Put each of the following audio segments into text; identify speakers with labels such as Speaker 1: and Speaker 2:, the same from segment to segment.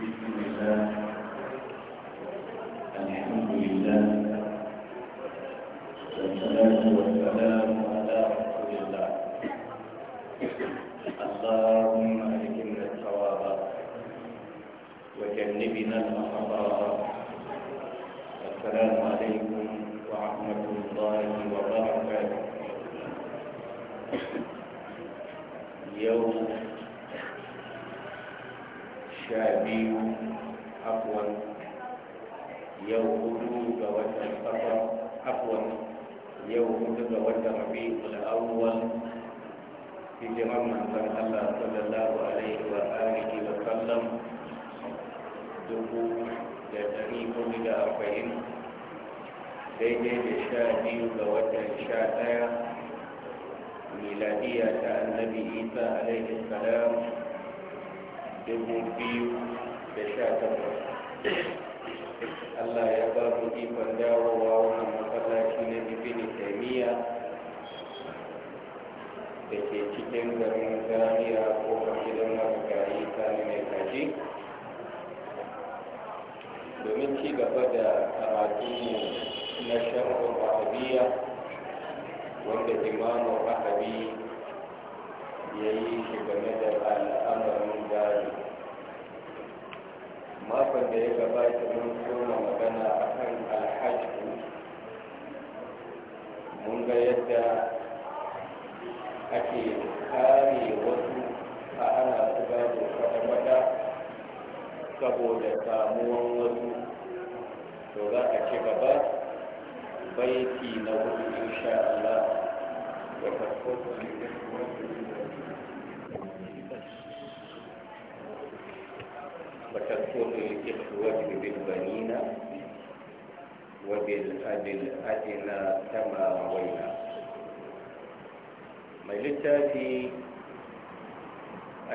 Speaker 1: we can
Speaker 2: cikin garin zaniya ko gidan marigayi sani mai kaji domin ci gaba da karatu na sharhun rahabiya wanda imamu rahabi ya yi shi game da al'amarin gari makon da ya gabata mun koma magana akan alhaji mun ga yadda ake kare wasu a ana su da kwata saboda samuwan wasu to za a ci gaba baiti na hudu insha Allah da وتكون الإخوة بالبنين وبالأب الأدنى كما روينا mai littafi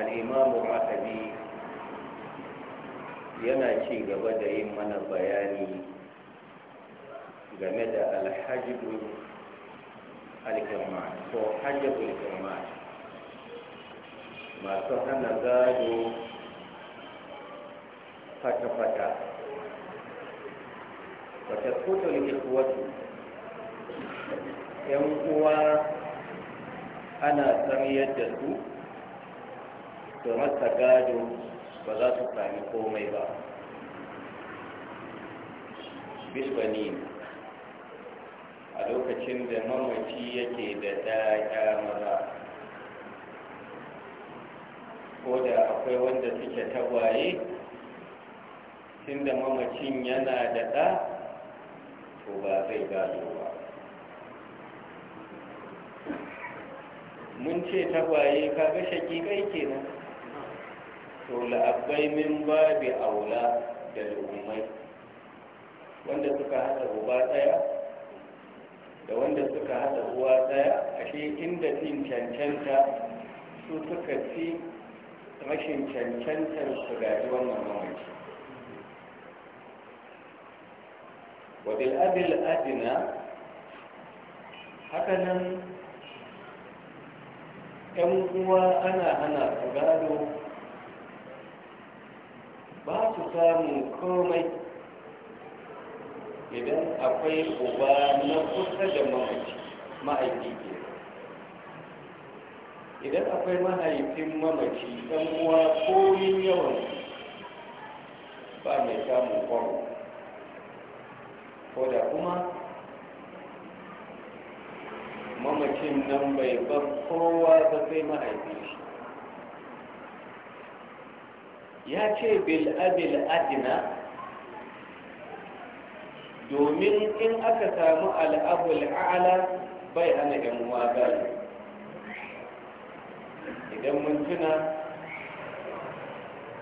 Speaker 2: al'imamu ma'adi yana ci gaba da yin mana bayani game da alhajibul alkirman ko hajjabul kirman masu hana gado fata-fata wata kutul ikwatu 'yan uwa ana karyar da su da masa gado ba za su sami komai ba bilbani a lokacin da mamaci yake da ɗaya maza ko da akwai wanda suke tagwaye tun da mamacin yana da ɗa to ba zai gado ba mun ce tagwaye kaga shakikai kenan to la'abbai min babi aula da al'ummai wanda suka haɗa uba daya da wanda suka haɗa uwa a shi inda fin cancanta su suka ci rashin cancantar su gaji wannan mamaci wadil adil adina hakanan yan kuwa ana hana su gado ba su samun komai idan akwai uba na kusa da ma'aiki idan akwai mahaifin mamaci ɗan uwa yin yawan ba mai samun kwaro ko da kuma lokacin nan bai bar kowa ba sai mahaifi ya ce bil abil adina domin in aka samu al'abul ala bai ana yan uwa idan mun tuna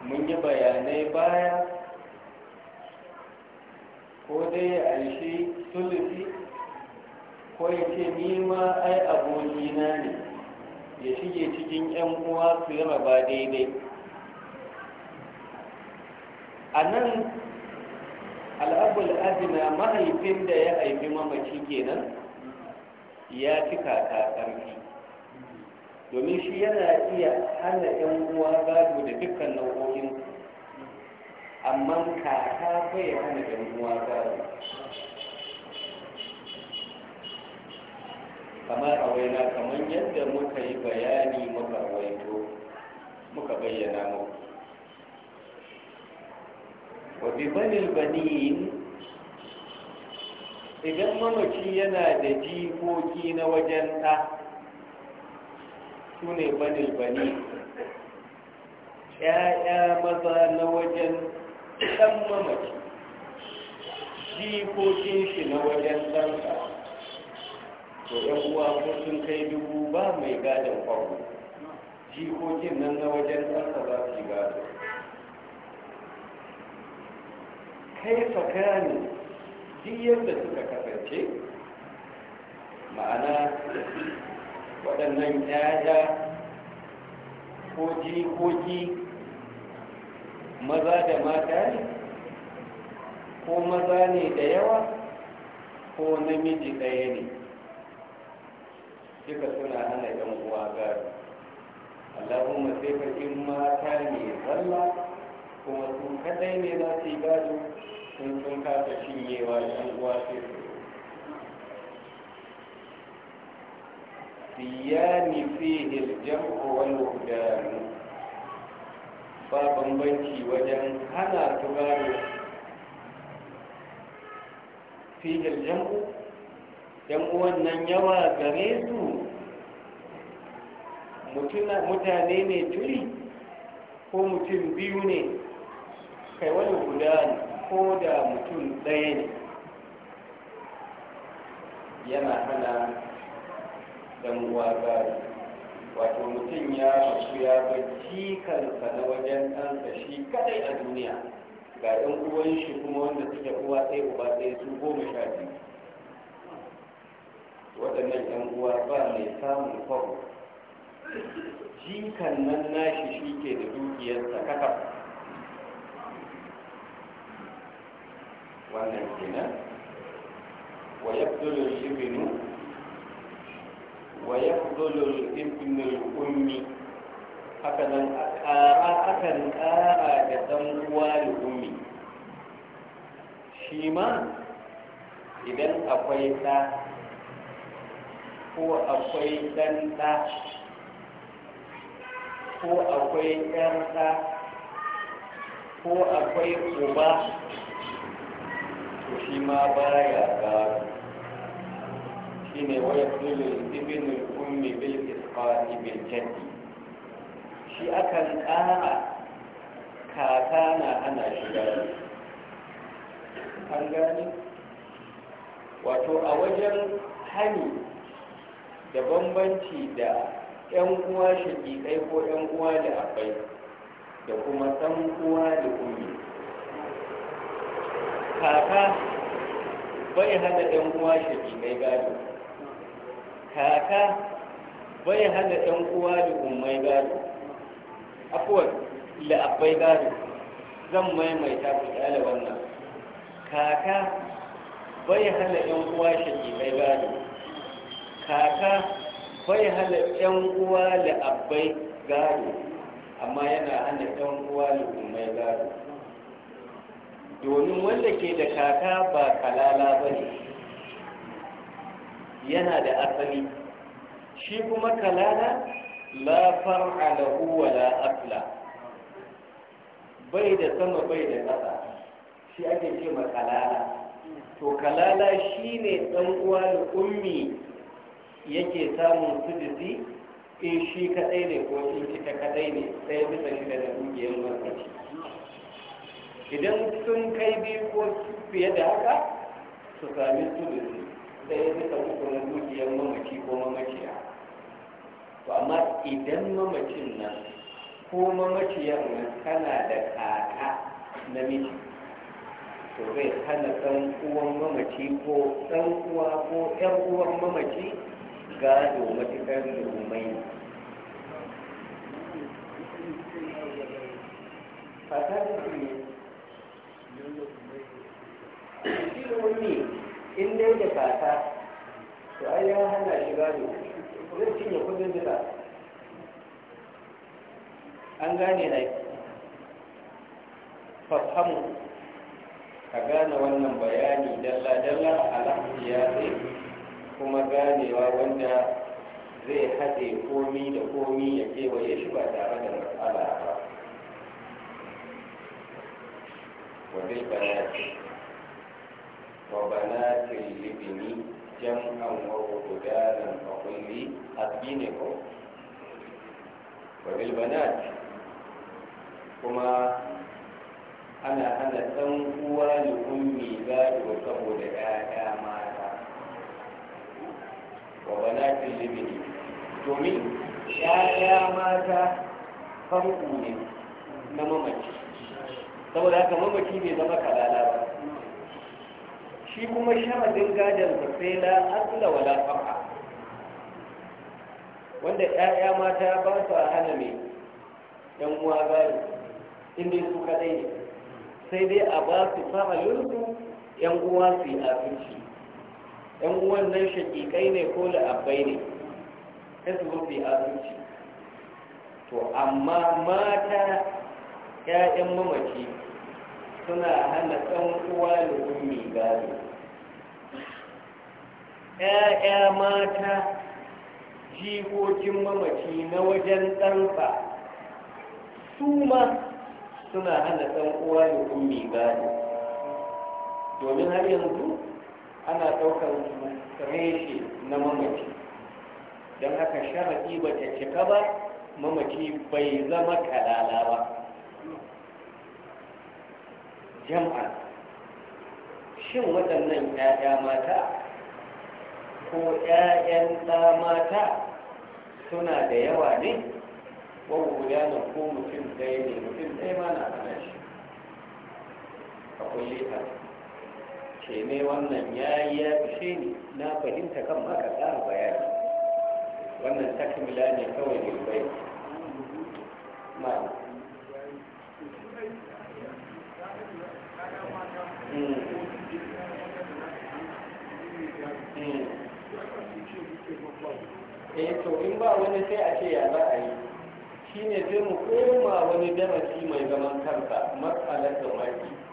Speaker 2: mun yi bayanai baya ko dai a yi shi sulusi Kawai ya ce ni ma ai abokina ne ya shige cikin 'yan uwa su yi raba daidai a nan al'abul adina mahaifin da ya haifi mamaci kenan ya ci ta ƙarfi domin shi yana iya hana 'yan uwa gado da dukkan nau'o'in amma kaka bai hana 'yan uwa gado kamar a waina kamar yadda muka yi bayani muka waito muka bayyana mu wa bi banil banin idan mamaci yana da jikoki na wajen ta su ne banil bani ‘ya'ya maza na wajen ɗan mamaci jikokin shi na wajen ɗansa to yan uwa ko sun kai dubu ba mai gadon kwaro jikokin nan na wajen ƙasa za su yi gado kai fakani duk yadda suka kasance ma'ana waɗannan ƴaƴa ko jikoki maza da mata ne ko maza ne da yawa ko namiji ɗaya ne suka suna hana yan uwa gado allahumma sai ka in mata ne zalla kuma sun kadai ne za su yi gado sun sun kasa shinyewa yan uwa sai su siyani fihi aljam'u wal wahdan ba bambanci wajen hana su gado fihi aljam'u yan uwan yawa gare su mutane ne turi ko mutum biyu ne kai wani guda ko da mutum ɗaya ne yana hana dan uwa gari wato mutum ya rasu ya bacci kansa na wajen ɗansa shi kadai a duniya ga ɗan uwan shi kuma wanda suke uwa ɗaya uba ɗaya su goma sha biyu waɗannan yan uwa ba mai samun kwabo jikan nan nashi shi ke da dukiyarsa kaka wannan kenan wa yabdulu ibnu wa yabdulu ibnu ummi haka nan a ƙara akan ƙara da ɗan uwa da ummi shi ma idan akwai ta ko akwai ɗan ɗa ko akwai ɗan ɗa ko akwai uba to shi ma baya gado shi ne waya tulun ibinul ummi bil isqati bil jaddi shi akan ƙara kaka na ana shiga an gani wato a wajen hani da bambanci da 'yan uwa shaƙiƙai ko 'yan uwa da akwai da kuma san uwa da ummi kaka bai hana 'yan uwa shaƙiƙai gado kaka bai hana 'yan uwa da ummai gado afuwar akwai gado zan maimaita ku tsala wannan kaka bai hana 'yan uwa shaƙiƙai gado kaka bai hana ɗan uwa da abbai gado amma yana hana ɗan uwa da umai gado domin wanda ke da kaka ba kalala ba ne yana da asali shi kuma kalala la far'a wa la asla bai da sama bai da ƙasa shi ake ce ma kalala to kalala shine ɗan uwa da ummi yake samun sudisi in shi kadai ne ko in ta kadai ne sai bisa shi da dukiyar lokaci idan sun kai biyu ko fiye da haka su sami sudisi sai bisa uku na dukiyar mamaci ko mamaciya to amma idan mamacin nan ko mamaciyar nan tana da kaka namiji to zai hana san uwan mamaci ko san uwa ko yan uwan mamaci gado matuƙar lumai ilimi in dai da fata to ai ya hana shi gado zai cinye kudin duka an gane na fahimu ka gane wannan bayani dalla-dalla a lafiya zai. kuma ganewa wanda zai haɗe komi da komi ya kewaye shi ba tare da matsala ba wabil banati wa banatin libini jam'an wa gudanan a kulli a ne ko wabil banati kuma ana hana ɗan uwa da ummi gado saboda 'ya'ya mata wa banatin domin ya'ya mata farko ne na mamaci saboda haka mamaki bai zama kalala ba shi kuma sharadin gadon da sai la asila wala fa'a wanda ya'ya mata ba su hana mai yan uwa gari, inda su kadai ne sai dai a ba su fa'alunsu yan uwa su yi abinci yan uwan nan shaƙiƙai ne ko la'abbai ne ta su mafi asirci to amma mata ƴaƴan mamaci suna hana ɗan uwa da ummi gado ƴaƴa mata jikokin mamaci na wajen ɗanfa su ma suna hana ɗan uwa da ummi gado domin har yanzu ana ɗaukar reshe na mamaci don haka sharaɗi ba ta cika ba mamaci bai zama kalala ba jam'a shin waɗannan 'ya'ya mata ko 'ya'yan ɗa mata suna da yawa ne wawo ya na ko mutum ɗaya ne mutum ɗaya ma na hana shi akwai shekaru ce ne wannan ya yi ya fi ne na fahimta kan maka tsara bayani wannan takmila ne kawai ne bai ma'a hmm. hmm. eh to in ba wani sai a ce ya za a yi ne zai mu koma wani darasi mai zaman kansa matsalar da maki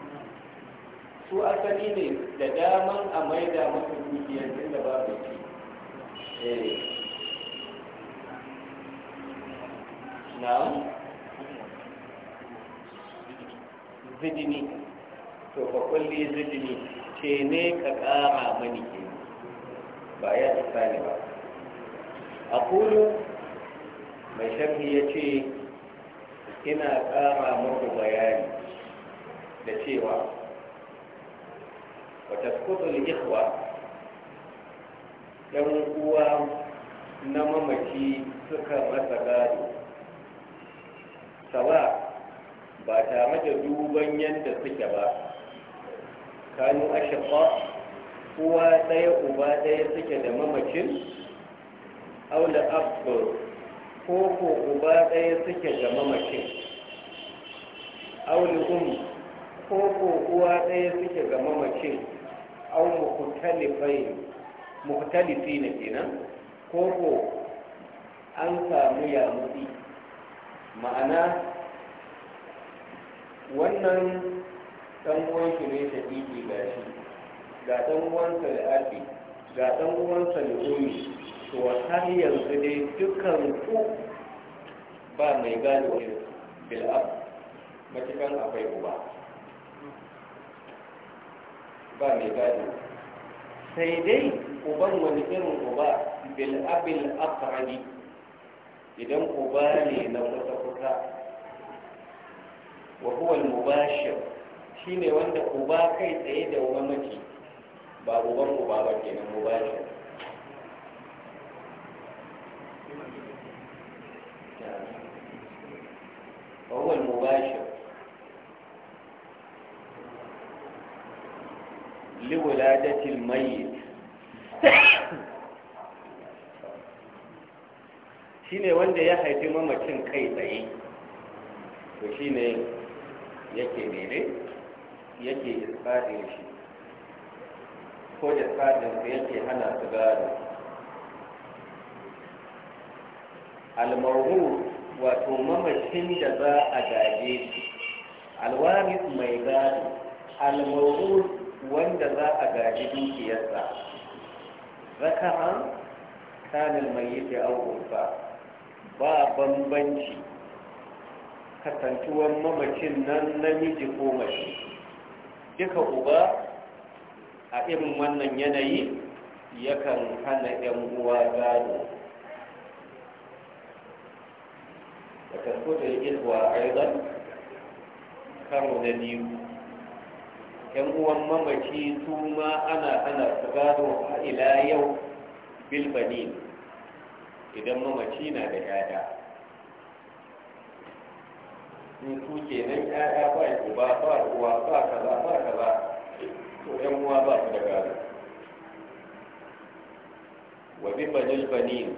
Speaker 2: su asali ne da daman a maida masu dukiyar inda ba su ci eh. na zidini to fa kulle zidini ce ne ka kara mani ke ba ya isa ne ba a kulu mai shafi ya ce ina kara muku bayani da cewa Wata وتسقط uwa na هو suka سكر مسكاري سواء ba tare da duban yadda suke ba kanu ashaqa uwa ɗaya uba ɗaya suke da mamacin aula abdur ko ko uba ɗaya suke da mamacin aula um ko ko uwa ɗaya suke ga mamacin au mukhtalifai mukhtalifi ne kenan ko ko an samu yamutsi ma'ana wannan dan uwan shi ne shadidi ga shi ga dan uwansa da abi ga dan uwansa da umi to har yanzu dai dukkan ku ba mai gane wani bil'ab matukan akwai uba ba mai gado sai dai uban wani irin uba bil abil aqrabi idan uba ne na kusa kusa wa huwa al mubashir shine wanda uba kai tsaye da mamaci ba uban uba ba kenan mubashir mayyit ne wanda ya haifi mamacin kai tsaye to shi ne yake mere yake isbadin shi ko da tsadin su yake hana su gado almarhu wato mamacin da za a gaje shi alwaris mai gado almarhu wanda za a gaji dukiyarsa zakaran kanin mai yi aukurfa ba bambanci kasantuwar mamacin nan namiji ko mashi duka uba a irin wannan yanayi yakan hana 'yan uwa gado da kasko da ilwa a karo na biyu yan uwan mamaci su ma ana ana su gado a ila yau bilbani idan mamaci na da yada. in su ke nan yaya ba uba ba uwa ba kaza ba kaza to yan uwa ba su da gado wa bilbani banin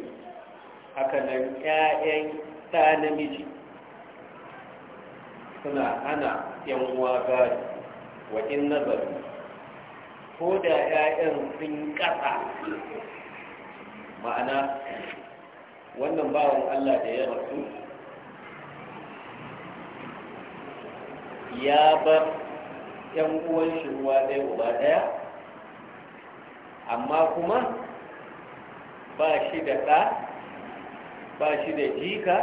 Speaker 2: haka nan ƴaƴan ta namiji suna ana yan uwa gado wa nazari nazaru ko da 'ya'yan sun ƙasa ma'ana wannan bawan Allah da ya rasu ya bar 'yan uwan shi ruwa ɗaya uba ɗaya amma kuma ba shi da ɗa ba shi da jika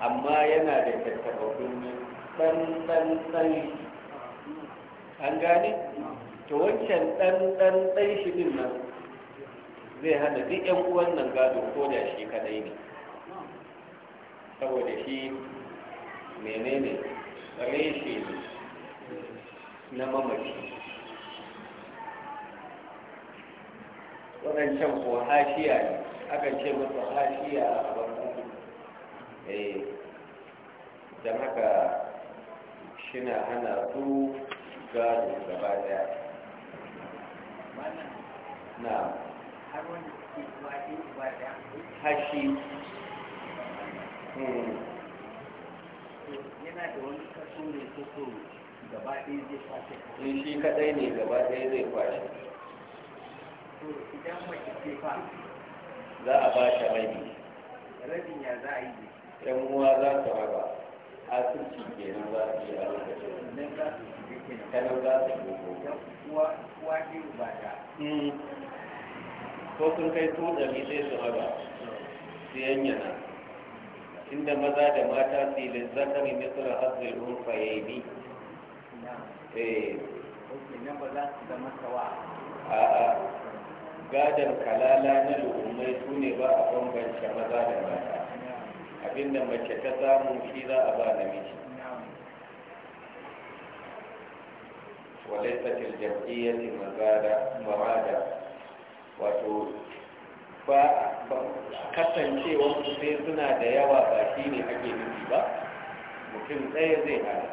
Speaker 2: amma yana da tattaɓa ɗan ɗan ɗan an gane to wancan ɗan ɗan ɗan shi ɗin nan zai hana duk ƴan uwan nan gado ko da shi kadai ne saboda shi menene reshe ne na mamaci waɗancan ko hashiya ne akan ce masa hashiya a su eh don haka shina hana su gado gaba daya na hashi hmm. yana da wani kaso ne kaso gaba ɗaya zai kwashe in shi kaɗai ne gaba ɗaya zai kwashe idan mace ce fa za a ba shi rabi rabin ya za a yi yan uwa za ta raba asirci kenan za su yi a lokacin za su ko hmm. kun kai su ɗari sai su haɗa su na inda maza da mata su yi lizzakari misal yi rufa ya yi eh a'a gadon kalala na lu'ummai su ne ba a bambance maza da mata abinda mace ta samu shi za a ba namiji وليس في الجمعية مرادة wato ba kasancewar su sai suna da yawa ba shi ne ake nufi ba mutum ɗaya zai hana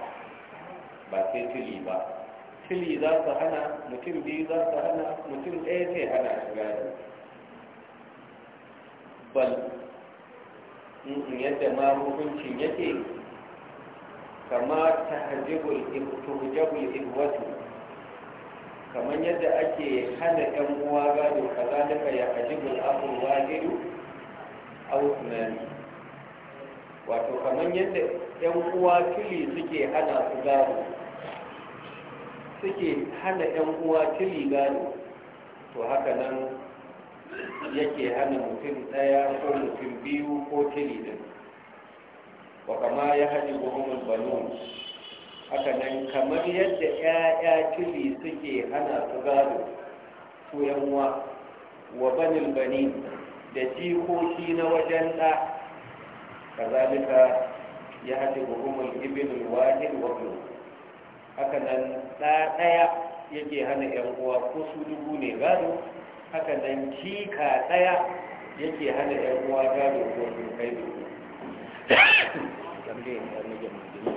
Speaker 2: ba sai tuli ba tuli za su hana mutum biyu za su hana mutum ɗaya zai hana shiga da bal yadda ma hukuncin yake kama ta hajjibul ikwatu kamar yadda ake hana ɗan uwa gado kaza daga a jibin abu gidu a tunani wato kamar yadda ɗan uwa kili suke hana su gado suke hana ɗan uwa kili gado to haka nan yake hana mutum ɗaya ko mutum biyu ko tuli din wa kama ya hajji buhumul balon haka nan kamar yadda 'ya'ya kili suke hana su gado su yanwa wa banin bani da jikoki na wajen da kazalika ya haɗe hukumar ibn wahid wa haka nan ɗa ɗaya yake hana 'yan uwa ko su dubu ne gado haka nan kika ɗaya yake hana 'yan uwa gado ko su kai dubu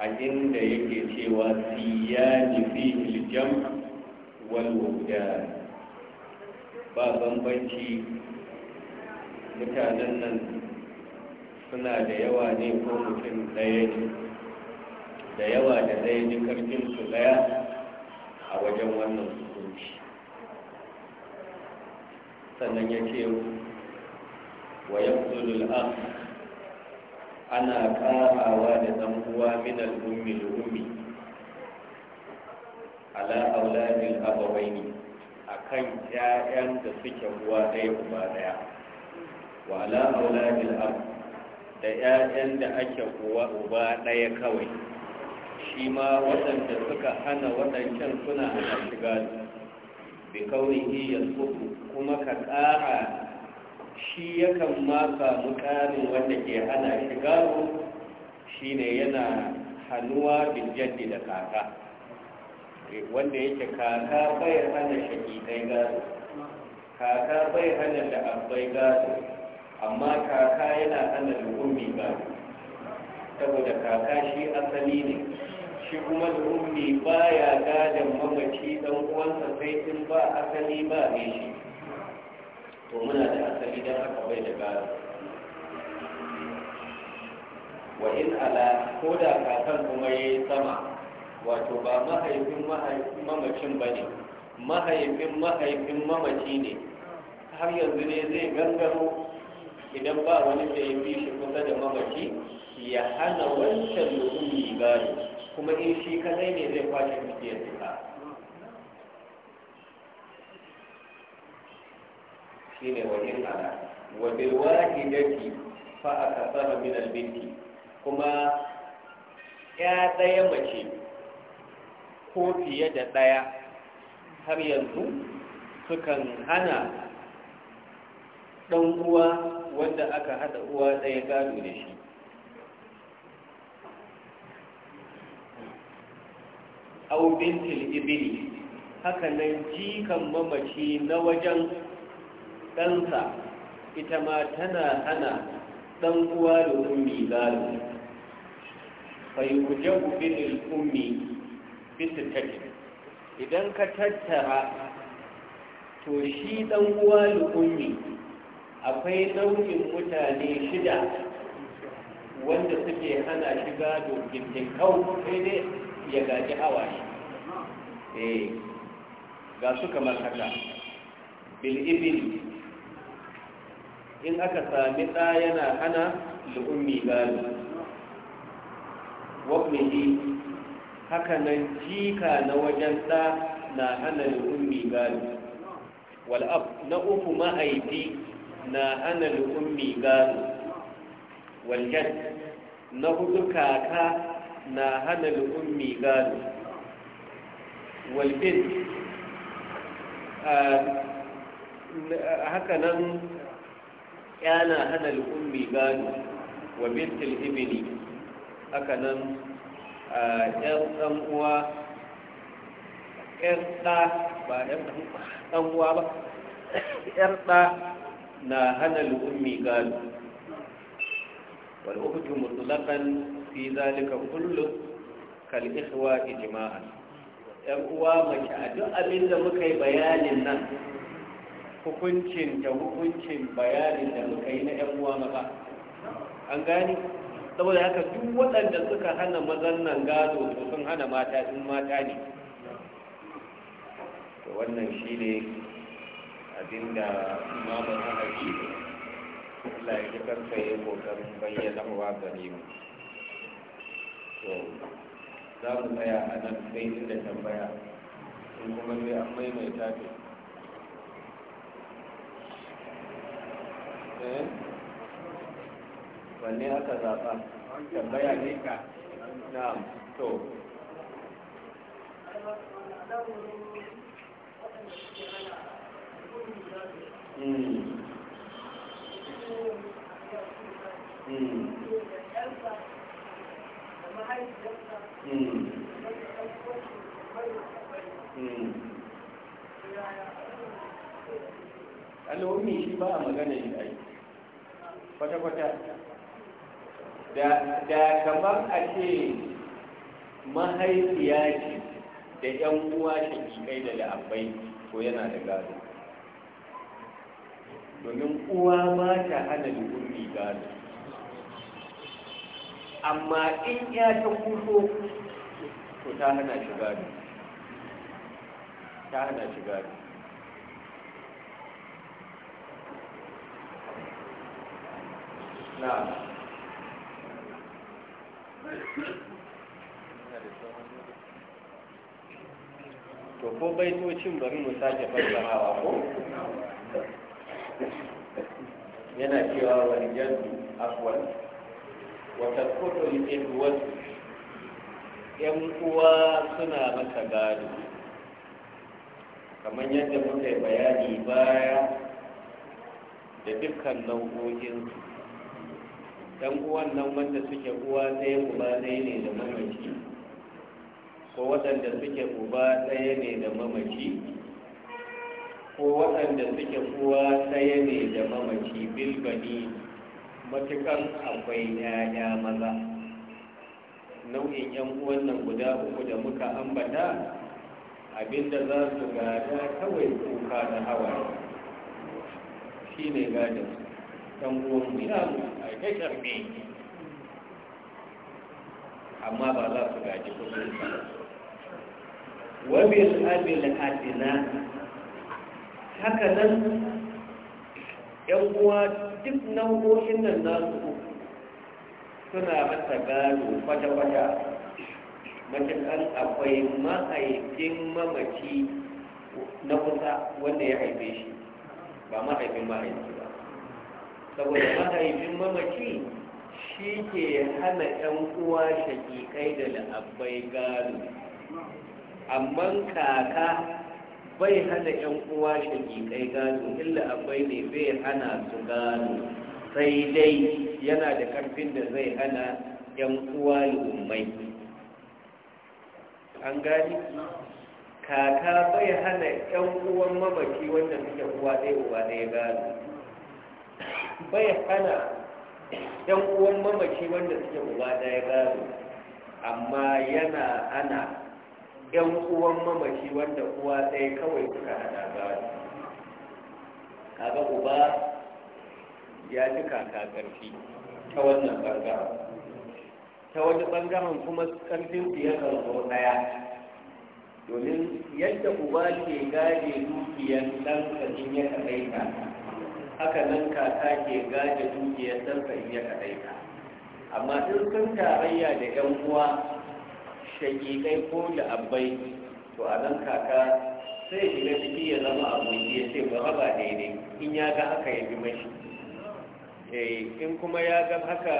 Speaker 2: a inda yake cewa siyani fi iljam wal wuda ba bambanci mutanen nan suna da yawa ne ko mutum daya ne da yawa da ɗaya ne karfin su daya a wajen wannan hukunci sannan ya ce wa yanzu ana ƙarawa da ɗan uwa min al-ummi ala auladin abawai ne a akan ƴaƴan da suke uwa ɗaya uba ɗaya wa ala auladin ab da ƴaƴan da ake uwa uba ɗaya kawai shi ma waɗanda suka hana waɗancan suna hana shiga bi kaunihi yanzu kuma ka ƙara shi yakan maka mutane wanda ke hana shi gano shi ne yana hannuwa biljaddi da kaka eh, wanda yake kaka bai hana shakikai gado kaka bai hana da abai gado amma kaka yana hana lumbi ba saboda kaka shi asali ne shi kuma ba ya gadon mamaci dan uwansa sai in ba asali ba ne shi to muna da asali don haka bai da gado wa in ala ko da kakan kuma ya yi sama wato ba mahaifin mamacin ba ne mahaifin mahaifin mamaci ne har yanzu ne zai gangaro idan ba wani da ya fi shi kusa da mamaci ya hana wancan ba ne, kuma in shi kadai ne zai kwashe dukiyar ta shine wajen ala wa bil wahidati fa akasara min al binti kuma ya ɗaya mace ko fiye da ɗaya, har yanzu sukan hana dan uwa wanda aka haɗa uwa daya gado da shi au bintil haka nan jikan mamaci na wajen ɗansa ita ma tana hana ɗan uwa da ummi zalo bai kuje ubinin ummi bisa tattara idan ka tattara to shi ɗan uwa da ummi akwai nau'in mutane shida wanda suke hana shiga dokin tinkau sai dai ya gaji hawa eh ga su kamar haka bil'ibili in aka sami ɗa yana hana li'ummi gado wabnihi haka nan jika na wajen ɗa na hana li'ummi gado wal'ab na uku ma'aifi na hana li'ummi gado waljan na hudu kaka na hana li'ummi gado walbin a hakanan. yana hana al'ummi gano, wa bintil ibini haka nan yan ɗan uwa yan ɗa ba yan ɗan uwa ba yan ɗa na hana al'ummi gado wal ukhtu fi zalika kullum kal ikhwa ijma'an yan uwa mace a duk abin da muka yi bayanin nan hukuncin da hukuncin bayanin da muka yi na 'yan uwa maza an gani saboda haka duk waɗanda suka hana mazan nan gado da sun hana mata sun mata ne da wannan shi ne abin abinda imamun hanabi Allah ya karfa ya kokarin bayyana wa gare mu to za mu tsaya a nan sai da tambaya in kuma zai an maimaita ta
Speaker 1: Eh? wanne aka zaɓa tambaya ne ka na to Mm. Mm. Mm.
Speaker 2: al'ummi shi ba a magana shi ai kwata-kwata da kamar a ce mahaifiya ce da 'yan uwa shakikai da la'abai ko yana da gado domin uwa ma ta hana al'ummi gado amma in ya ta kuso ko ta hana shi gado ta hana shi gado to ko baitocin bari mu sake fassarawa ko yana cewa wani jaddu afwan Wata tasqutu al wasu. yan uwa suna maka gado kamar yadda muka yi bayani baya da dukkan nau'o'in su dan uwan nan wanda suke uwa ɗaya uba ɗaya ne da mamaci ko waɗanda suke uba ɗaya ne da mamaci ko waɗanda suke uwa ɗaya ne da mamaci bilbani matukan akwai ɗaya maza nau'in yan uwan nan guda uku da muka ambata abinda za su gada kawai kuka da hawa shi ne gadin ɗan uwan mu karfe-karfe amma ba za su gaji kudin ba wabil abil hadina haka nan yan uwa duk nau'o'in nan nasu suna masa gado kwata-kwata matakan akwai mahaifin mamaci na kusa wanda ya haife shi ba mahaifin mahaifi saboda mahaifin mamaci shi ke hana 'yan uwa shakikai da la'abbai gado amma kaka bai hana 'yan uwa shakikai gado illa abai ne bai hana su gado sai dai yana da karfin da zai hana 'yan uwa lumai an gani kaka bai hana 'yan uwan mamaki wanda suke uwa ɗaya uwa ɗaya gado bai hana ɗan uwan mamaci wanda suke uba ya gado amma yana ana ɗan uwan mamaci wanda uwa ɗaya kawai suka hada gado kaga uba ya ji kaka ƙarfi ta wannan ɓangaren ta wani ɓangaren kuma ƙarfin su ya zo ɗaya domin yadda uba ke gaje dukiyar ɗan ƙarfin ya kaɗaita haka nan kaka ke gaje dukiyar sarsa iya kadai kaɗaita amma in sun tarayya da 'yan uwa shakikai ko da abai to a nan kaka sai shiga ciki ya zama aboki ya ce ba raba daidai in ya ga haka ya bi mashi eh, in kuma ya ga haka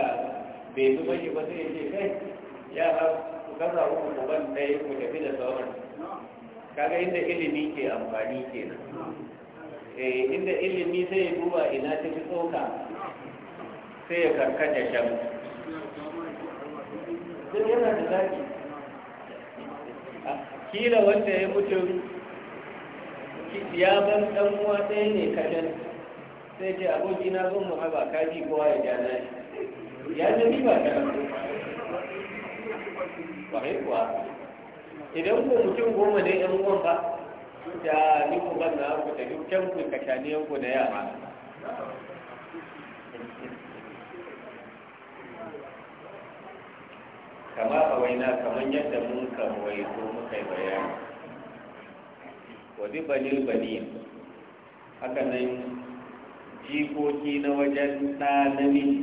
Speaker 2: bai bi mashi ba sai ya ce kai ya ku kasa ku ku ban ɗaya ku tafi da sauran kaga inda ilimi ke amfani kenan Eh, inda ilimi zai yi duba ina ta fi tsoka sai ya karkata shan duk yana da zaki kila wanda ya mutu ya ban dan uwa ɗaya ne kashin sai ce aboki na zo mu haba kaji kowa ya ja na shi ya zami ba ta ba kuwa idan ko mutum goma ne yan uwan ba da ni ban na ku da dukkan ku kashaniyan ku da yara
Speaker 1: kama a waina kamar yadda mun ka ko muka yi bayani
Speaker 2: wadi banil bani haka nan jikoki na wajen ɗa namiji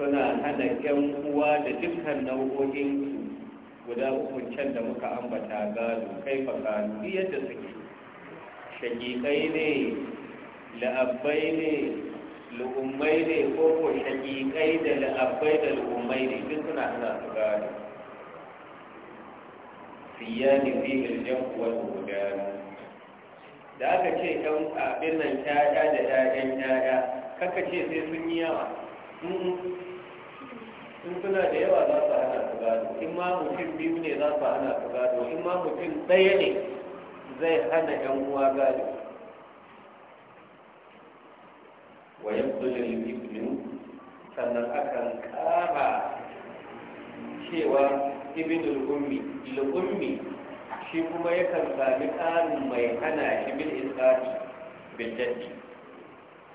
Speaker 2: suna hana 'yan uwa da dukkan nau'o'in guda uku can da muka ambata gado kai fakanu yadda suke shakikai ne la'abbai ne lu'ummai ne ko ko shakikai da la'abbai da lu'ummai ne duk suna suna su gado siyani fi iljan wal gudan da aka ce kan abin nan ƴaƴa da ƴaƴan ƴaƴa kaka ce sai sun yi yawa sun suna da yawa za su hana gado in ma mutum biyu ne za su hana ka gado in ma mutum ɗaya ne zai hana yan uwa gado wa yabdulil ibnu sannan akan ƙara cewa ibin ummi ummi shi kuma yakan sami ƙarin mai hana shi bil isqati bil jaddi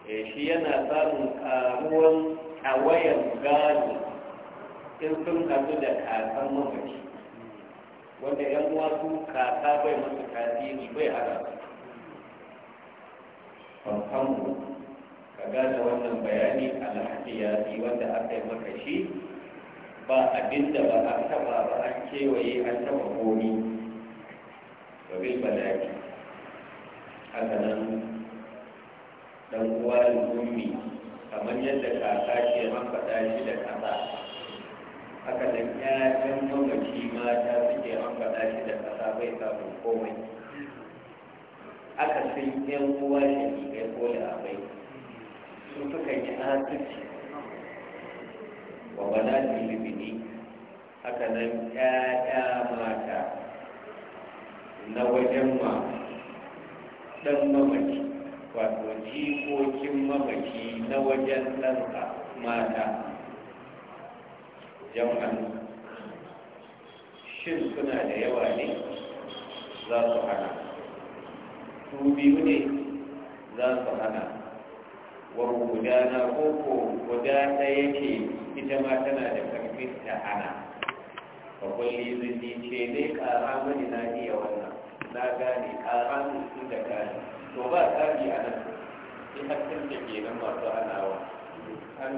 Speaker 2: eh, shi yana samun karuwan tawayan gado in sun kasu da kakan mamaci wanda yan uwa su kaka bai masu tasiri bai hana su ka gane wannan bayani alhaji ya yi wanda aka yi maka shi ba abinda ba a taba ba an kewaye an taba komi domin balaki haka nan dan uwa da kamar yadda kaka ke man faɗa shi da haka da ƴaƴan mamaci mata suke an faɗa shi da ƙasa bai samun komai aka sai ƴan uwa shahidai ko a bai su suka yi asirci wa bana libini haka nan ƴaƴa mata na wajen ma ɗan mamaci wato jikokin mamaci na wajen ɗansa mata jam'an shin suna da yawa ne za su hana su biyu ne za su hana wa gudana koko guda ya ce ita ma tana da karfi ta hana ba kulli ce dai ƙara mani na iya wannan na gane ƙara sun da gane to ba kari a nan sai hakkin da ke nan masu hanawa an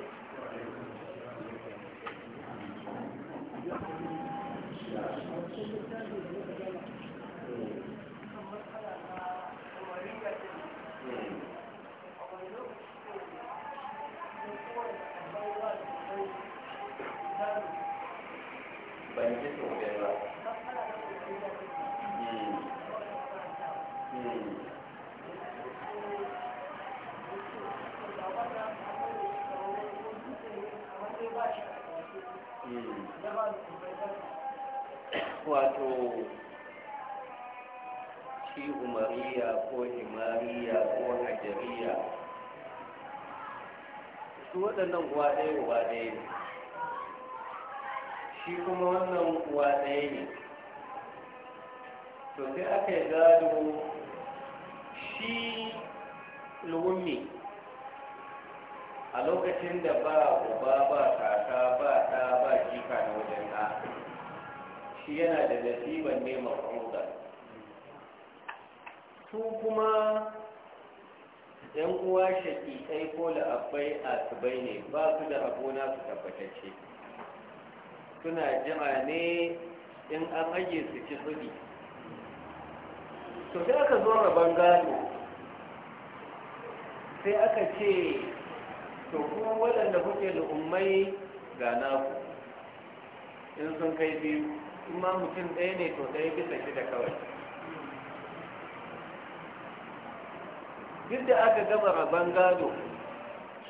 Speaker 2: waɗannan uwa ɗaya uwa ɗaya ne shi kuma wannan uwa ɗaya ne to sai aka yi gado shi lumi. a lokacin da ba uba ba kaka ba ta ba jika na wajen ɗa shi yana da nasiban neman ƙungar su kuma yan uwa ɗai ko la'abbai a tubai ne ba su da abona su tabbatacce suna jima ne in an aje su ci tsudi to sai aka zo rabon gado sai aka ce to kuma waɗanda kuke da ummai ga naku in sun kai biyu in mutum ɗaya ne to ɗaya bisa shida kawai duk da aka gama rabon gado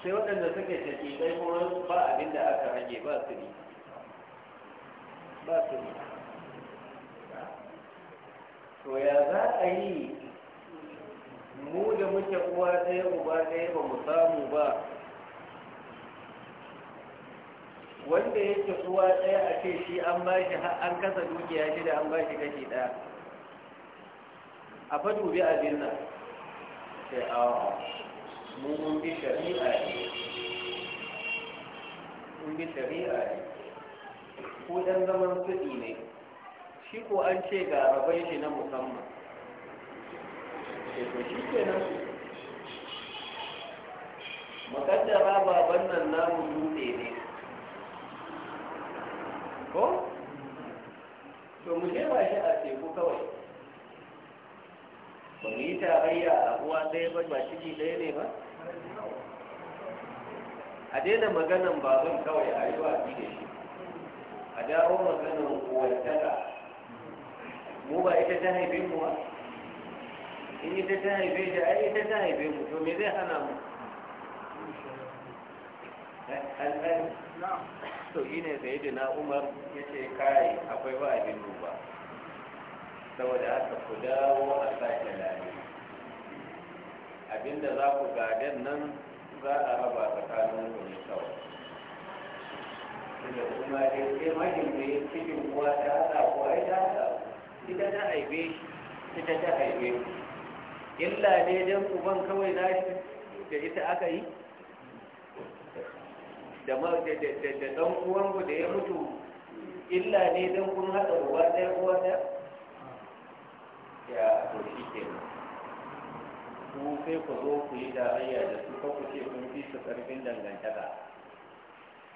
Speaker 2: sai waɗanda suke shaƙiƙai kuma ba abin da aka rage ba su ne ba su ne to ya za a yi mu da muke kuwa ɗaya uba ɗaya ba mu samu ba wanda yake kuwa ɗaya a ce shi an ba shi an kasa dukiya shi da an ba shi kashi ɗaya a fadu bi abin nan sai awa, mu mun bi shari'a ne mun bi shari'a ne ko ɗan zaman kuɗi ne shi ko an ce ga rabai shi na musamman to shi ke nan makaddara baban nan namu dutse ne ko to mu je ba shi a teku kawai ba mu yi tarayya a uwa ɗaya ba ba ciki ɗaya ne ba a daina maganan baban kawai a yi wafi da shi a dawo maganan uwantaka mu ba ita ta haife mu ba in ita ta haife shi ai ita ta haife mu to me zai hana mu eh, to shi ne sai umar ya ce kai akwai ba abin duba saboda haka ku dawo a sake lare abinda za ku gaden nan za a raba tsakanin ku ne kawai da kuma dai sai da ya cikin kuwa ta haɗa ko ai ta haɗa ita ta haife ita ta haife illa ne dan uban kawai na shi da ita aka yi da ɗan uwanku da ya mutu illa ne dan kun haɗa uba ɗaya uwa ɗaya ya to shi ke ku sai ku zo ku yi tarayya da su ko ku ce kun fi su karfin dangantaka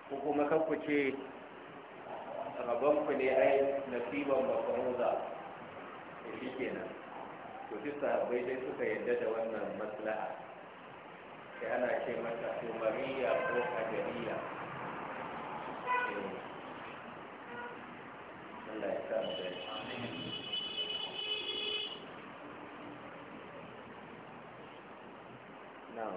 Speaker 2: ko kuma kan ku ce rabon ku ne ai nasiban makamuza to shi ke nan to shi sahabbai dai suka yadda da wannan maslaha sai ana ce mata umariya ko hajariya eh. Allah ya sa mu na.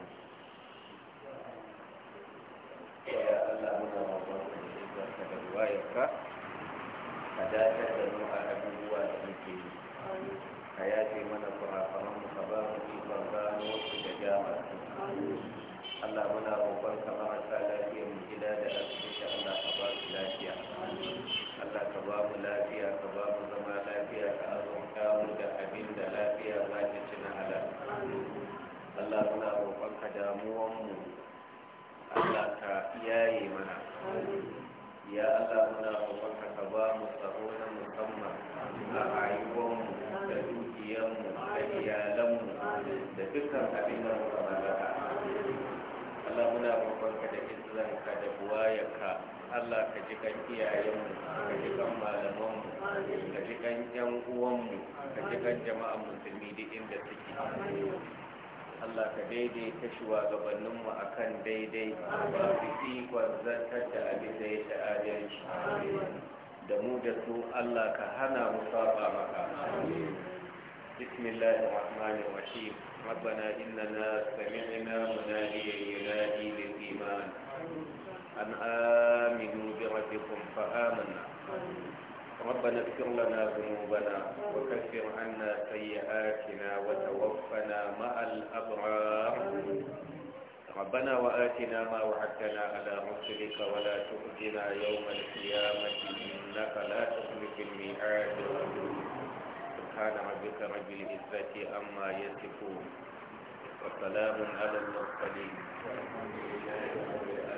Speaker 2: yaye mana ya Allah muna roƙonka ka ba mu tsaro na musamman a ayyukanmu da dukiyarmu da iyalanmu da dukkan abin da muka mallaka Allah muna ka da ka da ka Allah ka ji kan iyayenmu ka ji kan malamanmu ka ji kan yan uwanmu ka ji kan jama'an musulmi duk inda suke Allah ka daidai ta gabaninmu a kan daidai ba su ikon zartar da abin da ya ta'adalci da mu da su Allah ka hana mu saba maka بسم الله الرحمن الرحيم ربنا إننا سمعنا مناديا ينادي للإيمان أن آمنوا بربكم فآمنا ربنا اغفر لنا ذنوبنا وكفر عنا سيئاتنا وتوفنا مع الأبرار ربنا وآتنا ما وعدتنا على رسلك ولا تؤذنا يوم القيامة إنك لا تخلف الميعاد سبحان ربك رب العزة عما يصفون وسلام على
Speaker 1: المرسلين لله رب العالمين